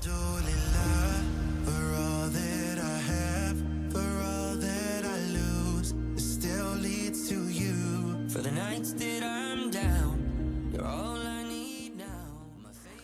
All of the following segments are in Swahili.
Do.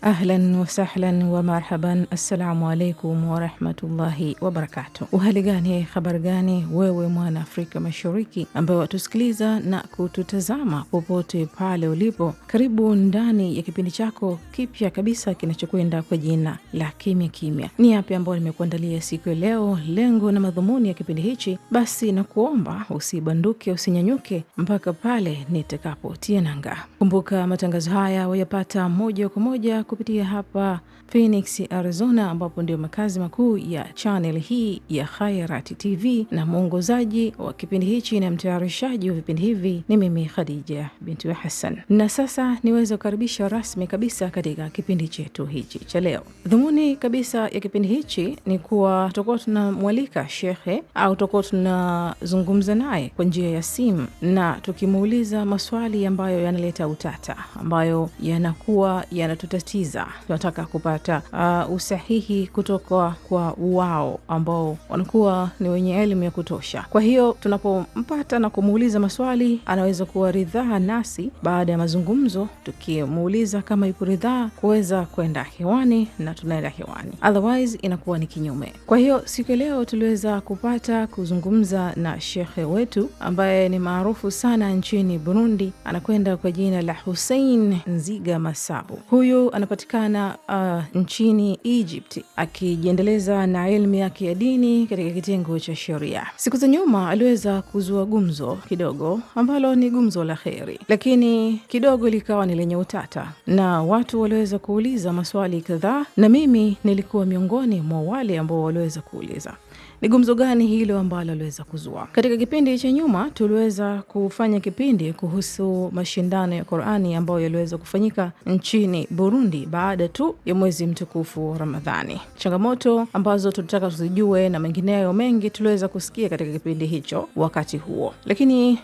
Ahlan wasahlan wa marhaban, assalamu alaikum warahmatullahi wabarakatu. Uhali gani, habari gani wewe mwana Afrika Mashariki ambaye watusikiliza na kututazama popote pale ulipo, karibu ndani ya kipindi chako kipya kabisa kinachokwenda kwa jina la kimya kimya. Ni yapi ambayo nimekuandalia siku ya leo? Lengo na madhumuni ya kipindi hichi, basi na kuomba usibanduke, usinyanyuke mpaka pale nitakapotia nanga. Kumbuka matangazo haya wayapata moja kwa moja kupitia hapa Phoenix, Arizona, ambapo ndio makazi makuu ya channel hii ya Khayrat TV, na mwongozaji wa kipindi hichi na mtayarishaji wa vipindi hivi ni mimi Khadija binti Hassan. Na sasa niweze kukaribisha rasmi kabisa katika kipindi chetu hichi cha leo. Dhumuni kabisa ya kipindi hichi ni kuwa tutakuwa tunamwalika shekhe au tutakuwa tunazungumza naye kwa njia ya simu na tukimuuliza maswali ambayo yanaleta utata, ambayo yanakuwa yanatutatia kuuliza, tunataka kupata uh, usahihi kutoka kwa wao ambao wanakuwa ni wenye elimu ya kutosha. Kwa hiyo tunapompata na kumuuliza maswali, anaweza kuwa ridhaa nasi baada ya mazungumzo, tukimuuliza kama yupo ridhaa kuweza kwenda hewani, na tunaenda hewani, otherwise inakuwa ni kinyume. Kwa hiyo siku ya leo tuliweza kupata kuzungumza na shekhe wetu ambaye ni maarufu sana nchini Burundi, anakwenda kwa jina la Hussein Nziga Masabu. Huyu anapatikana uh, nchini Egypt akijiendeleza na elimu yake ya dini katika kitengo cha sheria. Siku za nyuma aliweza kuzua gumzo kidogo ambalo ni gumzo la heri, lakini kidogo likawa ni lenye utata na watu waliweza kuuliza maswali kadhaa, na mimi nilikuwa miongoni mwa wale ambao waliweza kuuliza. Ni gumzo gani hilo ambalo aliweza kuzua? Katika kipindi cha nyuma tuliweza kufanya kipindi kuhusu mashindano ya Qur'ani ambayo yaliweza kufanyika nchini Burundi baada tu ya mwezi mtukufu wa Ramadhani. Changamoto ambazo tulitaka tuzijue na mengineyo mengi tuliweza kusikia katika kipindi hicho wakati huo. Lakini uh,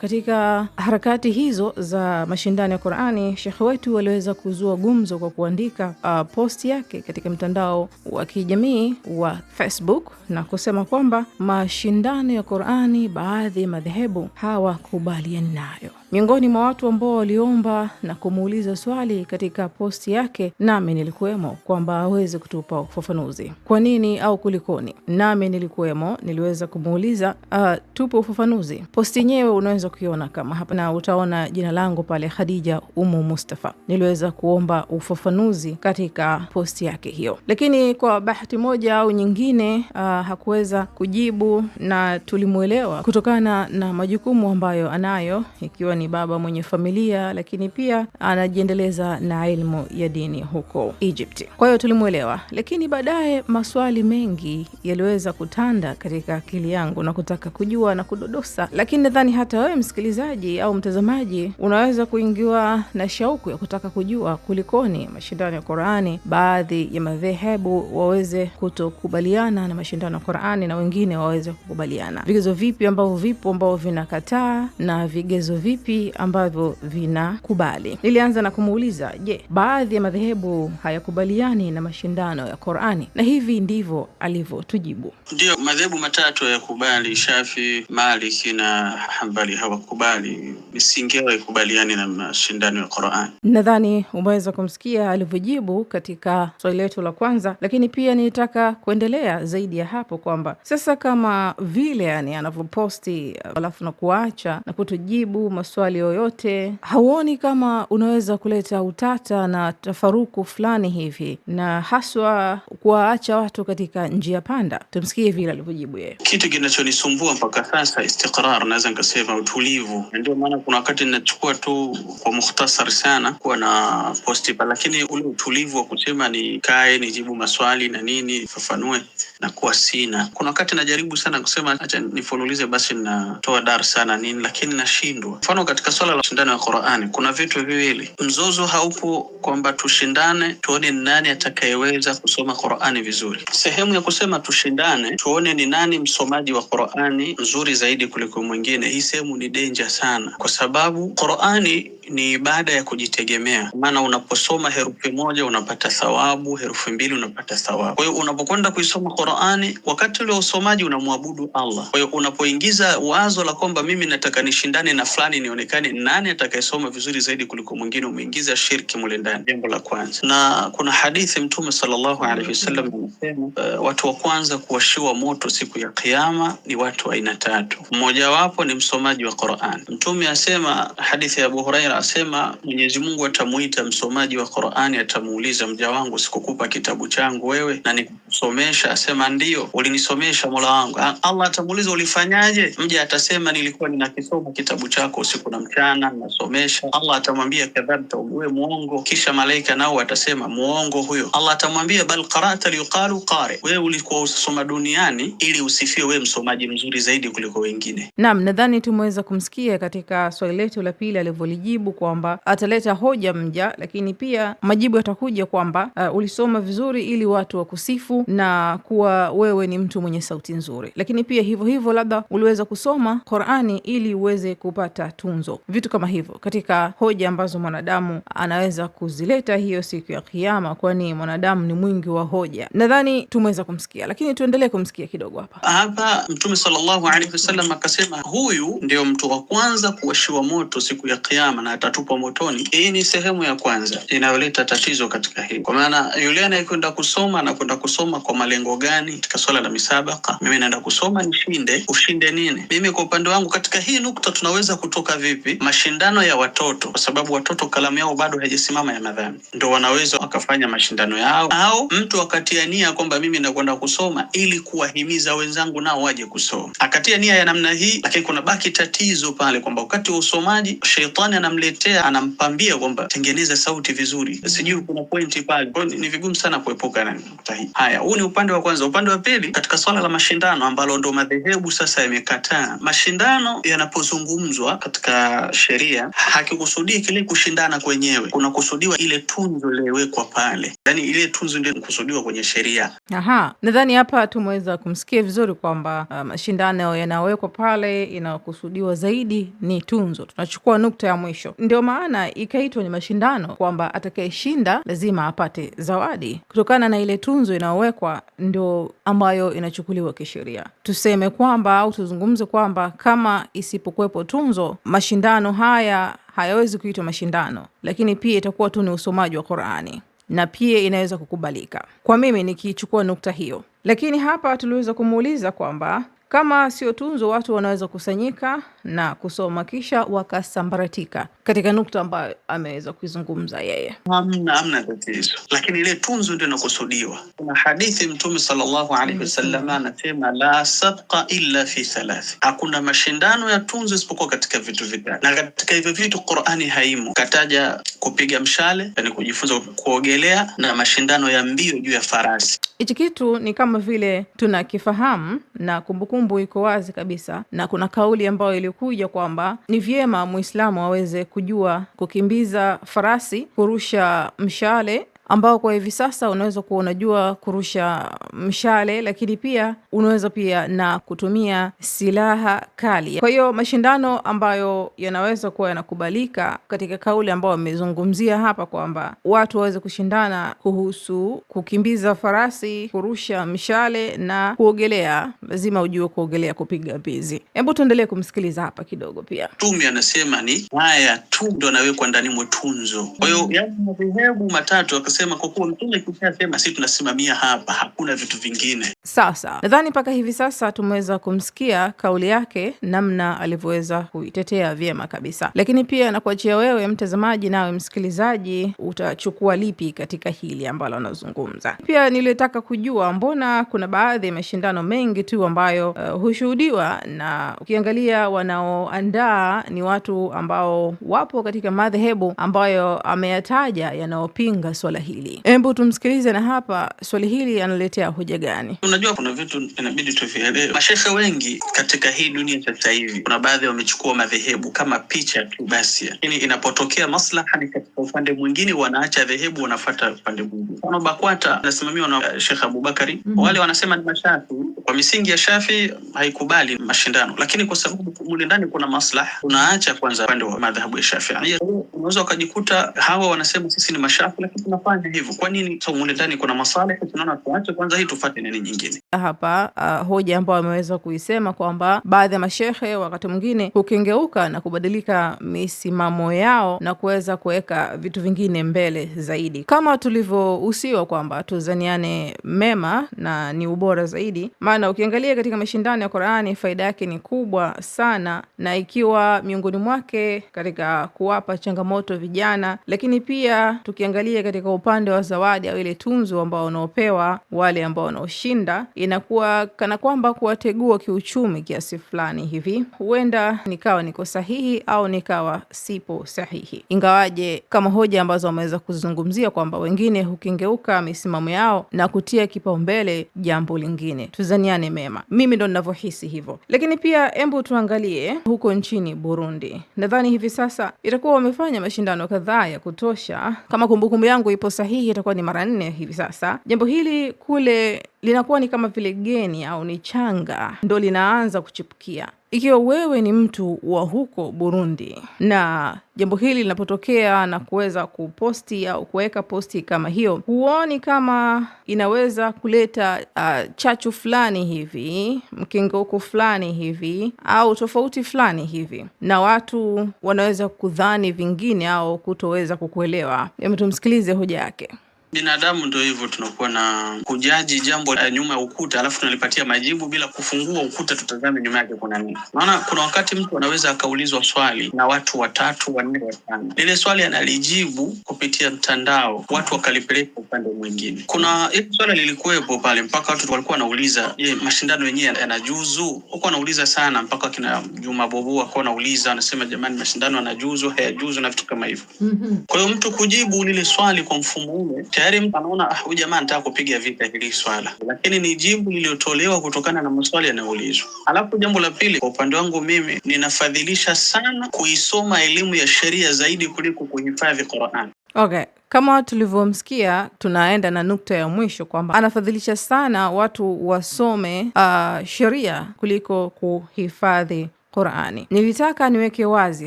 katika harakati hizo za mashindano ya Qur'ani, shekhe wetu aliweza kuzua gumzo kwa kuandika uh, ah, posti yake katika mtandao wa kijamii wa Facebook na kusema kwamba mashindano ya Qur'ani baadhi ya madhehebu hawakubaliani nayo. Miongoni mwa watu ambao waliomba na kumuuliza swali katika posti yake, nami nilikuwemo, kwamba aweze kutupa ufafanuzi kwa nini au kulikoni. Nami nilikuwemo, niliweza kumuuliza uh, tupe ufafanuzi. Posti yenyewe unaweza kuiona kama hapa, na utaona jina langu pale, Khadija Umu Mustafa. Niliweza kuomba ufafanuzi katika posti yake hiyo, lakini kwa bahati moja au nyingine uh, hakuweza kujibu na tulimwelewa kutokana na majukumu ambayo anayo ikiwa ni ni baba mwenye familia, lakini pia anajiendeleza na elimu ya dini huko Egypt. Kwa hiyo tulimwelewa, lakini baadaye maswali mengi yaliweza kutanda katika akili yangu na kutaka kujua na kudodosa, lakini nadhani hata wewe msikilizaji au mtazamaji unaweza kuingiwa na shauku ya kutaka kujua kulikoni mashindano ya Qurani baadhi ya madhehebu waweze kutokubaliana na mashindano ya Qurani na wengine waweze kukubaliana, vigezo vipi ambavyo vipo ambavyo vinakataa na vigezo vipi vipi ambavyo vinakubali. Nilianza na kumuuliza, je, baadhi ya madhehebu hayakubaliani na mashindano ya Qur'ani? Na hivi ndivyo alivyotujibu. ndio madhehebu matatu hayakubali, Shafi, Maliki na Hambali hawakubali, misingi yao haikubaliani na mashindano ya Qur'ani. Nadhani umeweza kumsikia alivyojibu katika swali letu la kwanza, lakini pia nilitaka kuendelea zaidi ya hapo kwamba sasa kama vile yani anavyoposti alafu na kuacha na kutujibu maswali maswali yoyote, hauoni kama unaweza kuleta utata na tafaruku fulani hivi, na haswa kuwaacha watu katika njia panda? Tumsikie vile alivyojibu yeye. Kitu kinachonisumbua mpaka sasa istikrar, naweza nikasema utulivu. Ndio maana kuna wakati ninachukua tu kwa mukhtasar sana kuwa na postipa, lakini ule utulivu wa kusema nikae nijibu maswali na nini fafanue na kuwa sina. Kuna wakati najaribu sana kusema acha nifululize basi, natoa dar sana nini, lakini nashindwa mfano katika swala la shindano ya Qur'ani kuna vitu viwili, mzozo haupo kwamba tushindane tuone ni nani atakayeweza kusoma Qur'ani vizuri. Sehemu ya kusema tushindane tuone ni nani msomaji wa Qur'ani mzuri zaidi kuliko mwingine, hii sehemu ni danger sana, kwa sababu Qur'ani ni ibada ya kujitegemea, maana unaposoma herufi moja unapata thawabu, herufi mbili unapata thawabu. Kwa hiyo unapokwenda kuisoma Qur'ani, wakati ule usomaji unamwabudu Allah. Kwa hiyo unapoingiza wazo la kwamba mimi nataka nishindane na fulani ni ionekane nani atakayesoma vizuri zaidi kuliko mwingine, umeingiza shirki mule ndani, jambo la kwanza. Na kuna hadithi Mtume sallallahu alaihi wasallam anasema uh, watu wa kwanza kuwashiwa moto siku ya Kiama ni watu wa aina tatu, mmojawapo ni msomaji wa Qur'an. Mtume asema, hadithi ya Abu Huraira asema, Mwenyezi Mungu atamuita msomaji wa Qur'ani, atamuuliza mja wangu, sikukupa kitabu changu wewe na nikusomesha? Asema ndiyo, ulinisomesha mola wangu. Allah atamuuliza ulifanyaje? Mja atasema nilikuwa ninakisoma kitabu chako usiku usiku na mchana nasomesha. Allah atamwambia kadhabta, uwe muongo. Kisha malaika nao watasema muongo huyo. Allah atamwambia bal qara'ta liqalu qari, wewe ulikuwa usoma duniani ili usifiwe wewe msomaji mzuri zaidi kuliko wengine. Naam, nadhani tumeweza kumsikia katika swali letu la pili alivyolijibu kwamba ataleta hoja mja, lakini pia majibu yatakuja kwamba uh, ulisoma vizuri ili watu wakusifu na kuwa wewe ni mtu mwenye sauti nzuri, lakini pia hivyo hivyo labda uliweza kusoma Qur'ani ili uweze kupata tunu mafunzo, vitu kama hivyo, katika hoja ambazo mwanadamu anaweza kuzileta hiyo siku ya Kiama, kwani mwanadamu ni mwingi wa hoja. Nadhani tumeweza kumsikia, lakini tuendelee kumsikia kidogo hapa. Hapa Mtume sallallahu alaihi wasallam akasema, huyu ndio mtu wa kwanza kuwashiwa moto siku ya Kiama na atatupwa motoni. Hii ni sehemu ya kwanza inayoleta tatizo katika hii, kwa maana yule anayekwenda kusoma anakwenda kusoma kwa malengo gani? Katika swala la misabaka, mimi naenda kusoma nishinde. Ushinde nini? Mimi kwa upande wangu katika hii nukta tunaweza kutoka vipi mashindano ya watoto, kwa sababu watoto kalamu yao bado haijasimama ya madhambi, ndo wanaweza wakafanya mashindano yao, au mtu akatia nia kwamba mimi nakwenda kusoma ili kuwahimiza wenzangu nao waje kusoma, akatia nia ya namna hii. Lakini kuna baki tatizo pale kwamba wakati wa usomaji shetani anamletea, anampambia kwamba tengeneza sauti vizuri, sijui kuna pointi pale. Kwa ni vigumu sana kuepuka na nukta hii. Haya, huu ni upande wa kwanza. Upande wa pili, katika swala la mashindano ambalo ndo madhehebu sasa yamekataa, mashindano yanapozungumzwa katika cha sheria hakikusudii kile kushindana kwenyewe, kunakusudiwa ile tunzo iliyowekwa pale, yaani ile tunzo ndio inakusudiwa kwenye sheria. Aha, nadhani hapa tumeweza kumsikia vizuri kwamba uh, mashindano um, yanawekwa pale, inakusudiwa zaidi ni tunzo. Tunachukua nukta ya mwisho, ndio maana ikaitwa ni mashindano, kwamba atakayeshinda lazima apate zawadi kutokana na ile tunzo inayowekwa, ndio ambayo inachukuliwa kisheria. Tuseme kwamba au tuzungumze kwamba kama isipokuwepo tunzo mashindano haya hayawezi kuitwa mashindano, lakini pia itakuwa tu ni usomaji wa Qur'ani na pia inaweza kukubalika. Kwa mimi nikiichukua nukta hiyo, lakini hapa tuliweza kumuuliza kwamba kama sio tunzo, watu wanaweza kusanyika na kusoma kisha wakasambaratika, katika nukta ambayo ameweza kuizungumza yeye. Hamna, hamna tatizo, lakini ile tunzo ndio inakusudiwa. Kuna hadithi Mtume sallallahu alaihi wasallam anasema, la sabqa illa fi thalathi, hakuna mashindano ya tunzo isipokuwa katika vitu vitatu, na katika hivyo vitu Qur'ani haimo. Kataja kupiga mshale, yani kujifunza kuogelea, na mashindano ya mbio juu ya farasi. Hichi kitu ni kama vile tunakifahamu na kumbuku kumbukumbu iko wazi kabisa, na kuna kauli ambayo ilikuja kwamba ni vyema mwislamu aweze kujua kukimbiza farasi, kurusha mshale ambao kwa hivi sasa unaweza kuwa unajua kurusha mshale, lakini pia unaweza pia na kutumia silaha kali. Kwa hiyo mashindano ambayo yanaweza kuwa yanakubalika katika kauli ambayo wamezungumzia hapa kwamba watu waweze kushindana kuhusu kukimbiza farasi, kurusha mshale na kuogelea. Lazima ujue kuogelea, kupiga mbizi. Hebu tuendelee kumsikiliza hapa kidogo. Pia Tumi anasema ni haya tu ndo anawekwa ndani mwetunzo. Kwa hiyo mm. yaani madhehebu matatu alivyosema, kwa kuwa mtume kishasema, si tunasimamia hapa, hakuna vitu vingine. Sasa nadhani mpaka hivi sasa tumeweza kumsikia kauli yake, namna alivyoweza kuitetea vyema kabisa, lakini pia nakuachia wewe mtazamaji, nawe msikilizaji, utachukua lipi katika hili ambalo anazungumza. Pia nilitaka kujua mbona kuna baadhi ya mashindano mengi tu ambayo uh, hushuhudiwa na ukiangalia wanaoandaa ni watu ambao wapo katika madhehebu ambayo ameyataja yanayopinga swala hili. Hebu tumsikilize, na hapa swali hili analetea hoja gani? Unajua, kuna vitu inabidi tuvielewe. Mashehe wengi katika hii dunia sasa hivi, kuna baadhi wamechukua madhehebu kama picha tu basi, lakini inapotokea maslaha ni katika upande mwingine, wanaacha dhehebu, wanafata upande mwingine. Mfano, BAKWATA inasimamiwa na Shekh Abubakari mm -hmm. wale wanasema ni mashafi kwa misingi ya Shafi haikubali mashindano, lakini kwa sababu mule ndani kuna maslaha, unaacha kwanza upande wa madhahabu ya Shafiia. Unaweza ukajikuta hawa wanasema sisi ni mashafi lakini tunafanya tufanye hivyo. Kwa nini humu ndani kuna maswala tunaona tuache kwanza hii tufate nini nyingine hapa. Uh, hoja ambayo ameweza kuisema kwamba baadhi ya mashehe wakati mwingine hukengeuka na kubadilika misimamo yao na kuweza kuweka vitu vingine mbele zaidi, kama tulivyohusiwa kwamba tuzaniane mema na ni ubora zaidi. Maana ukiangalia katika mashindano ya Qur'ani faida yake ni kubwa sana, na ikiwa miongoni mwake katika kuwapa changamoto vijana, lakini pia tukiangalia katika upande wa zawadi au ile tunzo ambao wanaopewa wale ambao wanaoshinda, inakuwa kana kwamba kuwategua kiuchumi kiasi fulani hivi. Huenda nikawa niko sahihi au nikawa sipo sahihi, ingawaje kama hoja ambazo wameweza kuzungumzia kwamba wengine hukengeuka misimamo yao na kutia kipaumbele jambo lingine. Tuzaniane mema, mimi ndo ninavyohisi hivyo. Lakini pia hebu tuangalie huko nchini Burundi. Nadhani hivi sasa itakuwa wamefanya mashindano kadhaa ya kutosha, kama kumbukumbu yangu ipo sasa hii itakuwa ni mara nne hivi sasa. Jambo hili kule linakuwa ni kama vile geni au ni changa ndo linaanza kuchipukia. Ikiwa wewe ni mtu wa huko Burundi na jambo hili linapotokea na kuweza kuposti au kuweka posti kama hiyo, huoni kama inaweza kuleta uh, chachu fulani hivi, mkengeuko fulani hivi, au tofauti fulani hivi, na watu wanaweza kudhani vingine au kutoweza kukuelewa? Tumsikilize hoja yake. Binadamu ndio hivyo, tunakuwa na kujaji jambo la nyuma ya ukuta, alafu tunalipatia majibu bila kufungua ukuta, tutazame nyuma yake kuna nini. Maana kuna wakati mtu anaweza akaulizwa swali na watu watatu, wanne, watano, lile swali analijibu kupitia mtandao, watu wakalipeleka upande mwingine. Kuna hili swala lilikuwepo pale mpaka watu walikuwa wanauliza, je, mashindano yenyewe yanajuzu? Huko wanauliza sana, mpaka kina Juma Bobo wakuwa wanauliza, wanasema jamani, mashindano yanajuzu, hayajuzu na vitu kama hivyo. Mm-hmm. Kwa hiyo mtu kujibu lile swali kwa mfumo ule tayari mtu anaona ah, huyu jamaa anataka kupiga vita hili swala, lakini ni jibu lililotolewa kutokana na maswali yanayoulizwa. Alafu jambo la pili, kwa upande wangu mimi ninafadhilisha sana kuisoma elimu ya sheria zaidi kuliko kuhifadhi Qurani. Okay, kama tulivyomsikia, tunaenda na nukta ya mwisho kwamba anafadhilisha sana watu wasome uh, sheria kuliko kuhifadhi Qur'ani. Nilitaka niweke wazi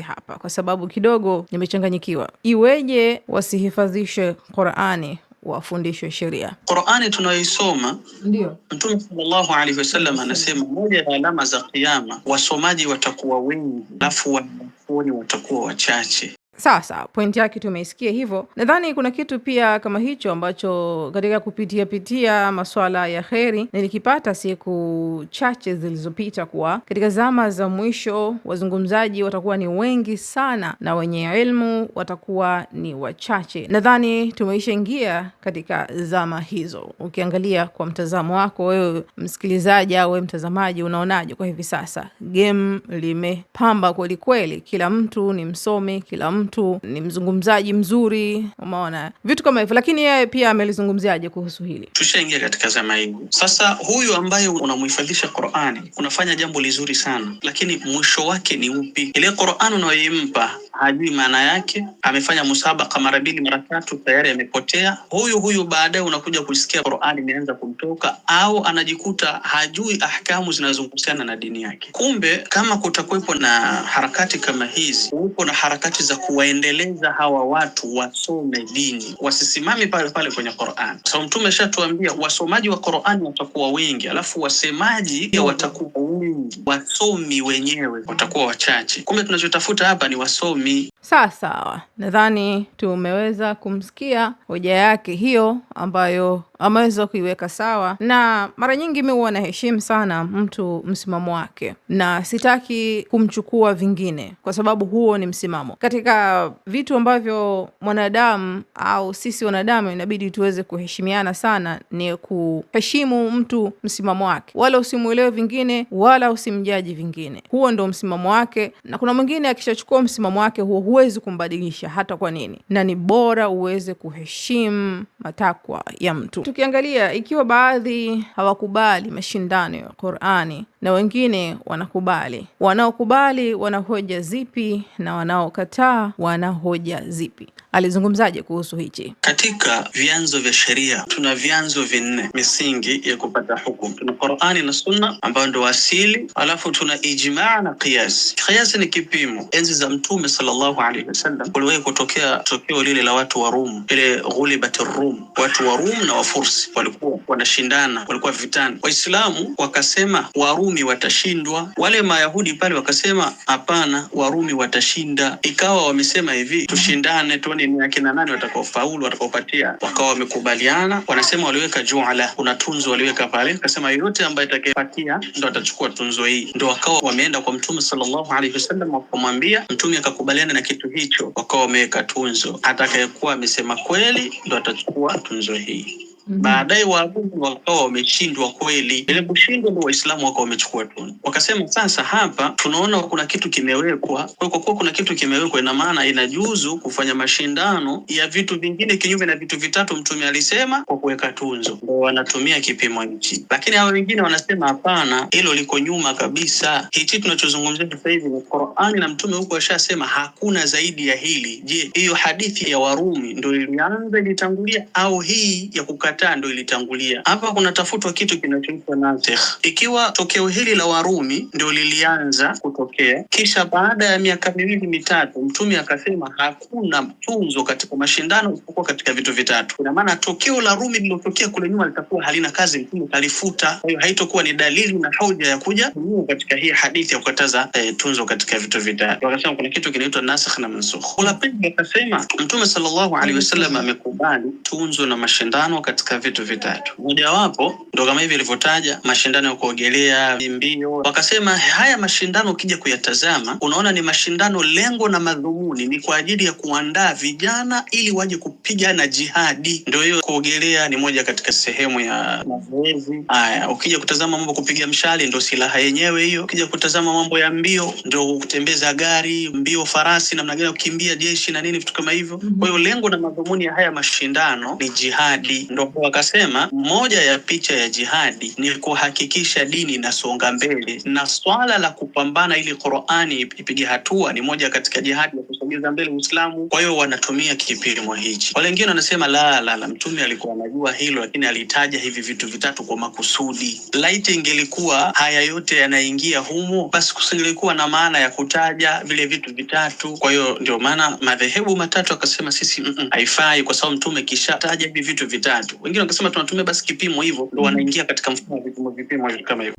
hapa kwa sababu kidogo nimechanganyikiwa. Iweje wasihifadhishe Qur'ani wafundishwe sheria. Qur'ani tunayoisoma ndio Mtume sallallahu alaihi wasallam anasema moja ya alama za kiyama wasomaji watakuwa wengi, alafu wanafunzi watakuwa wachache. Sasa pointi yake tumeisikia hivyo. Nadhani kuna kitu pia kama hicho ambacho katika kupitia pitia masuala ya kheri nilikipata siku chache zilizopita, kuwa katika zama za mwisho wazungumzaji watakuwa ni wengi sana na wenye elmu watakuwa ni wachache. Nadhani tumeishaingia katika zama hizo. Ukiangalia kwa mtazamo wako wewe msikilizaji au wewe mtazamaji, unaonaje kwa hivi sasa? Game limepamba kwelikweli, kila mtu ni msomi, kila mtu mtu ni mzungumzaji mzuri, umeona vitu kama hivyo. Lakini yeye pia amelizungumziaje kuhusu hili? Tushaingia katika zama hii sasa. Huyu ambaye unamhifadhisha Qur'ani, unafanya jambo lizuri sana, lakini mwisho wake ni upi? Ile Qur'ani unayoimpa hajui maana yake, amefanya musabaka mara mbili mara tatu, tayari amepotea huyu huyu. Baadaye unakuja kusikia Qur'ani imeanza kumtoka, au anajikuta hajui ahkamu zinazohusiana na dini yake. Kumbe kama kutakuwepo na harakati kama hizi, upo na harakati za ku kuwaendeleza hawa watu wasome dini, wasisimame pale pale kwenye Qur'an, Sasa Mtume ashatuambia wasomaji wa Qur'an watakuwa wengi, alafu wasemaji watakuwa wengi, wasomi wenyewe watakuwa wachache. Kumbe tunachotafuta hapa ni wasomi. Sawa sawa, nadhani tumeweza kumsikia hoja yake hiyo ambayo ameweza kuiweka sawa, na mara nyingi mimi huwa naheshimu sana mtu msimamo wake na sitaki kumchukua vingine, kwa sababu huo ni msimamo katika vitu ambavyo mwanadamu au sisi wanadamu inabidi tuweze kuheshimiana sana ni kuheshimu mtu msimamo wake, wala usimwelewe vingine wala usimjaji vingine. Huo ndo msimamo wake, na kuna mwingine akishachukua msimamo wake huo huwezi kumbadilisha hata kwa nini, na ni bora uweze kuheshimu matakwa ya mtu. Tukiangalia ikiwa baadhi hawakubali mashindano ya Qur'ani na wengine wanakubali. Wanaokubali wana hoja zipi na wanaokataa wana hoja zipi? Alizungumzaje kuhusu hichi? Katika vyanzo vya sheria tuna vyanzo vinne misingi ya kupata hukumu. Tuna Qur'ani na Sunna ambayo ndo asili, alafu tuna ijmaa na qiyas. Qiyas ni kipimo. Enzi za Mtume sallallahu alaihi wasallam kuliwahi kutokea tokeo lile la watu wa Rum, ile ghulibat Rum. Watu wa Rum na Wafursi walikuwa wanashindana, walikuwa vitani. Waislamu wakasema Warum Warumi watashindwa. Wale Mayahudi pale wakasema hapana, Warumi watashinda. Ikawa wamesema hivi, tushindane tuone ni akina nani watakaofaulu, watakaopatia. Wakawa wamekubaliana, wanasema waliweka juala, kuna tunzo waliweka pale, akasema yoyote ambaye atakayepatia ndo atachukua tunzo hii. Ndo wakawa wameenda kwa Mtume sallallahu alaihi wasallam wakamwambia, Mtume akakubaliana na kitu hicho, wakawa wameweka tunzo, atakayekuwa amesema kweli ndo atachukua tunzo hii. Mhm. Baadaye Waarabu wakawa wameshindwa kweli. Ile kushindwa ndio Waislamu wakawa wamechukua tu wakasema sasa hapa tunaona kuna kitu kimewekwa. Kwa kuwa kuna kitu kimewekwa, ina maana inajuzu kufanya mashindano ya vitu vingine kinyume na vitu vitatu Mtume alisema kwa kuweka tunzo, ndio wanatumia kipimo hichi. Lakini hawa wengine wanasema hapana, hilo liko nyuma kabisa. Hichi tunachozungumzia sasa hivi ni Qur'ani na Mtume huko ashasema hakuna zaidi ya hili. Je, hiyo hadithi ya Warumi ndio ilianza ilitangulia au hii ya kukata kukataa ndio ilitangulia hapa. Kunatafutwa kitu kinachoitwa nasikh. Ikiwa tokeo hili la Warumi ndio lilianza kutokea, kisha baada ya miaka miwili mitatu, Mtume akasema hakuna tunzo katika mashindano isipokuwa katika vitu vitatu. Ina maana tokeo la Rumi lililotokea kule nyuma litakuwa halina kazi, Mtume kalifuta. Kwa hiyo haitokuwa ni dalili na hoja ya kuja katika hii hadithi ya kukataza eh, tunzo katika vitu vitatu. Wakasema kuna kitu kinaitwa nasikh na mansukh. La pili akasema Mtume sallallahu alaihi wasallam amekubali tunzo na mashindano katika katika vitu vitatu, mojawapo ndo kama hivi alivyotaja mashindano ya kuogelea, mbio. Wakasema haya mashindano ukija kuyatazama, unaona ni mashindano, lengo na madhumuni ni kwa ajili ya kuandaa vijana ili waje kupiga na jihadi. Ndio hiyo kuogelea ni moja katika sehemu ya mazoezi haya. Ukija kutazama mambo kupiga mshale, ndo silaha yenyewe hiyo. Ukija kutazama mambo ya mbio, ndo kutembeza gari, mbio, farasi, namna gani kukimbia, jeshi na nini, vitu kama hivyo. Kwa hiyo lengo na madhumuni ya haya mashindano ni jihadi ndo wakasema moja ya picha ya jihadi ni kuhakikisha dini inasonga mbele, na swala la kupambana ili Qur'ani ipige hatua ni moja katika jihadi ya kusogeza mbele Uislamu. Kwa hiyo wanatumia kipimo hichi. Wale wengine wanasema la la la, mtume alikuwa anajua hilo, lakini alitaja hivi vitu vitatu kwa makusudi. Laiti ingelikuwa haya yote yanaingia humo, basi kusingelikuwa na maana ya kutaja vile vitu vitatu. Kwa hiyo ndio maana madhehebu matatu akasema sisi haifai kwa sababu mtume kishataja hivi vitu vitatu wengine wakisema tunatumia basi kipimo hivyo, ndo wanaingia katika mfumo wa vipimo vipimo kama hivyo.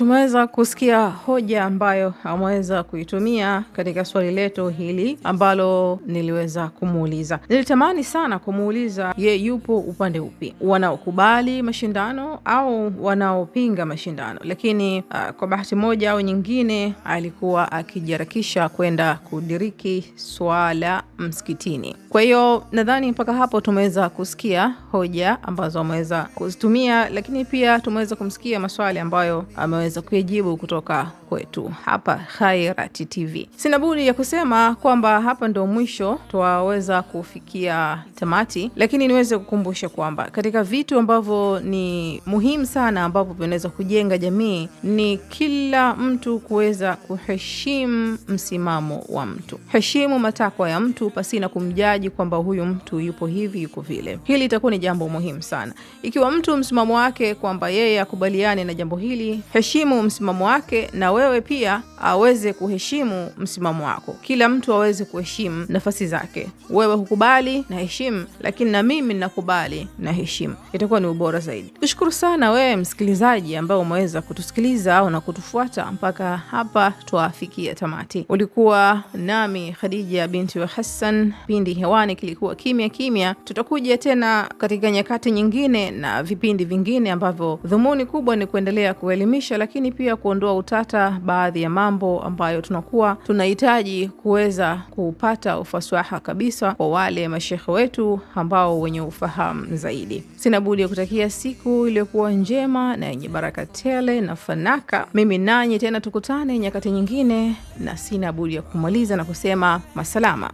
Tumeweza kusikia hoja ambayo ameweza kuitumia katika swali letu hili ambalo niliweza kumuuliza. Nilitamani sana kumuuliza ye yupo upande upi, wanaokubali mashindano au wanaopinga mashindano, lakini uh, kwa bahati moja au nyingine alikuwa akijiharakisha kwenda kudiriki swala msikitini. Kwa hiyo nadhani mpaka hapo tumeweza kusikia hoja ambazo ameweza kuzitumia, lakini pia tumeweza kumsikia maswali ambayo ameweza unaweza kuijibu kutoka kwetu hapa Khairati TV. Sina budi ya kusema kwamba hapa ndo mwisho twaweza kufikia tamati, lakini niweze kukumbusha kwamba katika vitu ambavyo ni muhimu sana ambavyo vinaweza kujenga jamii ni kila mtu kuweza kuheshimu msimamo wa mtu, heshimu matakwa ya mtu pasina kumjaji kwamba huyu mtu yupo hivi yuko vile. Hili itakuwa ni jambo muhimu sana, ikiwa mtu msimamo wake kwamba yeye akubaliane na jambo hili heshimu aheshimu msimamo wake na wewe pia aweze kuheshimu msimamo wako. Kila mtu aweze kuheshimu nafasi zake. Wewe hukubali na heshimu, lakini na mimi ninakubali na heshimu, itakuwa ni ubora zaidi. Kushukuru sana wewe msikilizaji ambao umeweza kutusikiliza au na kutufuata mpaka hapa twafikia tamati. Ulikuwa nami Khadija binti wa Hassan, pindi hewani kilikuwa kimya kimya. Tutakuja tena katika nyakati nyingine na vipindi vingine ambavyo dhumuni kubwa ni kuendelea kuelimisha lakini pia kuondoa utata, baadhi ya mambo ambayo tunakuwa tunahitaji kuweza kupata ufaswaha kabisa kwa wale mashehe wetu ambao wenye ufahamu zaidi. Sina budi ya kutakia siku iliyokuwa njema na yenye baraka tele na fanaka. Mimi nanyi tena tukutane nyakati nyingine, na sina budi ya kumaliza na kusema masalama.